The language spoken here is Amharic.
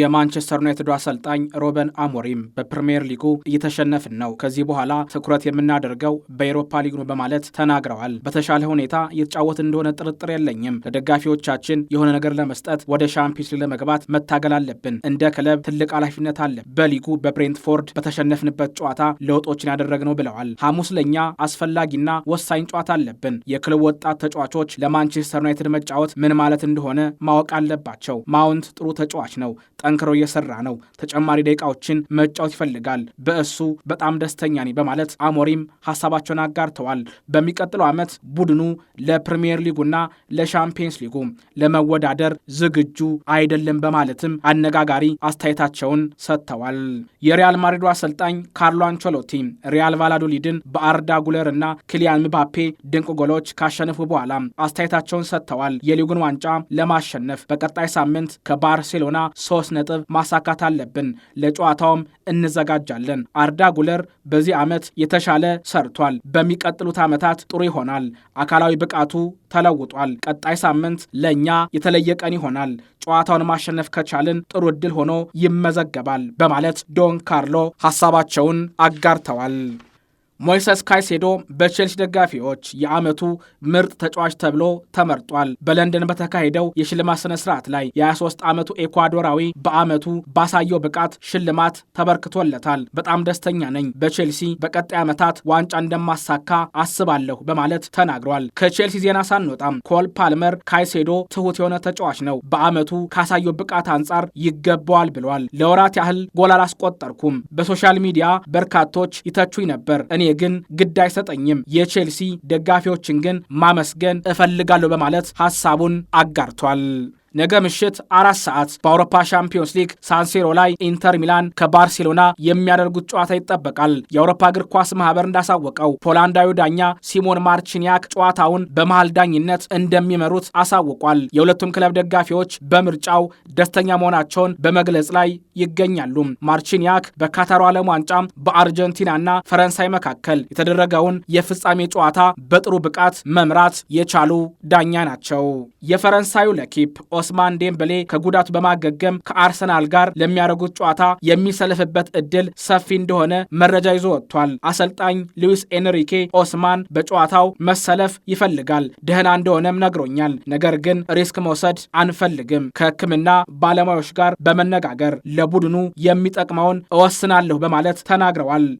የማንቸስተር ዩናይትድ አሰልጣኝ ሮበን አሞሪም በፕሪምየር ሊጉ እየተሸነፍን ነው፣ ከዚህ በኋላ ትኩረት የምናደርገው በኤሮፓ ሊግ ነው በማለት ተናግረዋል። በተሻለ ሁኔታ እየተጫወት እንደሆነ ጥርጥር የለኝም። ለደጋፊዎቻችን የሆነ ነገር ለመስጠት ወደ ሻምፒዮንስ ሊግ ለመግባት መታገል አለብን። እንደ ክለብ ትልቅ ኃላፊነት አለ። በሊጉ በብሬንትፎርድ በተሸነፍንበት ጨዋታ ለውጦችን ያደረግነው ብለዋል። ሐሙስ ለእኛ አስፈላጊና ወሳኝ ጨዋታ አለብን። የክለብ ወጣት ተጫዋቾች ለማንቸስተር ዩናይትድ መጫወት ምን ማለት እንደሆነ ማወቅ አለባቸው። ማውንት ጥሩ ተጫዋች ነው ጠንክሮ እየሰራ ነው። ተጨማሪ ደቂቃዎችን መጫወት ይፈልጋል። በእሱ በጣም ደስተኛ ነኝ በማለት አሞሪም ሀሳባቸውን አጋርተዋል። በሚቀጥለው ዓመት ቡድኑ ለፕሪምየር ሊጉና ለሻምፒየንስ ሊጉ ለመወዳደር ዝግጁ አይደለም በማለትም አነጋጋሪ አስተያየታቸውን ሰጥተዋል። የሪያል ማድሪዱ አሰልጣኝ ካርሎ አንቸሎቲ ሪያል ቫላዶሊድን በአርዳ ጉለር እና ክሊያን ምባፔ ድንቅ ጎሎች ካሸነፉ በኋላ አስተያየታቸውን ሰጥተዋል። የሊጉን ዋንጫ ለማሸነፍ በቀጣይ ሳምንት ከባርሴሎና ሶስት ነጥብ ማሳካት አለብን። ለጨዋታውም እንዘጋጃለን። አርዳ ጉለር በዚህ ዓመት የተሻለ ሰርቷል። በሚቀጥሉት ዓመታት ጥሩ ይሆናል። አካላዊ ብቃቱ ተለውጧል። ቀጣይ ሳምንት ለእኛ የተለየ ቀን ይሆናል። ጨዋታውን ማሸነፍ ከቻልን ጥሩ ዕድል ሆኖ ይመዘገባል በማለት ዶን ካርሎ ሀሳባቸውን አጋርተዋል። ሞይሰስ ካይሴዶ በቼልሲ ደጋፊዎች የዓመቱ ምርጥ ተጫዋች ተብሎ ተመርጧል። በለንደን በተካሄደው የሽልማት ስነ ስርዓት ላይ የ23 ዓመቱ ኤኳዶራዊ በዓመቱ ባሳየው ብቃት ሽልማት ተበርክቶለታል። በጣም ደስተኛ ነኝ፣ በቼልሲ በቀጣይ ዓመታት ዋንጫ እንደማሳካ አስባለሁ በማለት ተናግሯል። ከቼልሲ ዜና ሳንወጣም ኮል ፓልመር ካይሴዶ ትሑት የሆነ ተጫዋች ነው፣ በዓመቱ ካሳየው ብቃት አንጻር ይገባዋል ብሏል። ለወራት ያህል ጎል አላስቆጠርኩም፣ በሶሻል ሚዲያ በርካቶች ይተቹኝ ነበር እኔ ግን ግድ አይሰጠኝም፣ የቼልሲ ደጋፊዎችን ግን ማመስገን እፈልጋለሁ በማለት ሀሳቡን አጋርቷል። ነገ ምሽት አራት ሰዓት በአውሮፓ ሻምፒዮንስ ሊግ ሳንሴሮ ላይ ኢንተር ሚላን ከባርሴሎና የሚያደርጉት ጨዋታ ይጠበቃል። የአውሮፓ እግር ኳስ ማህበር እንዳሳወቀው ፖላንዳዊ ዳኛ ሲሞን ማርቺኒያክ ጨዋታውን በመሃል ዳኝነት እንደሚመሩት አሳውቋል። የሁለቱም ክለብ ደጋፊዎች በምርጫው ደስተኛ መሆናቸውን በመግለጽ ላይ ይገኛሉ። ማርቺኒያክ በካታሩ ዓለም ዋንጫም በአርጀንቲናና ፈረንሳይ መካከል የተደረገውን የፍጻሜ ጨዋታ በጥሩ ብቃት መምራት የቻሉ ዳኛ ናቸው። የፈረንሳዩ ለኪፕ ኦስማን ዴምብሌ ከጉዳቱ በማገገም ከአርሰናል ጋር ለሚያደርጉት ጨዋታ የሚሰለፍበት እድል ሰፊ እንደሆነ መረጃ ይዞ ወጥቷል። አሰልጣኝ ሉዊስ ኤንሪኬ ኦስማን በጨዋታው መሰለፍ ይፈልጋል፣ ደህና እንደሆነም ነግሮኛል። ነገር ግን ሪስክ መውሰድ አንፈልግም። ከሕክምና ባለሙያዎች ጋር በመነጋገር ለቡድኑ የሚጠቅመውን እወስናለሁ በማለት ተናግረዋል።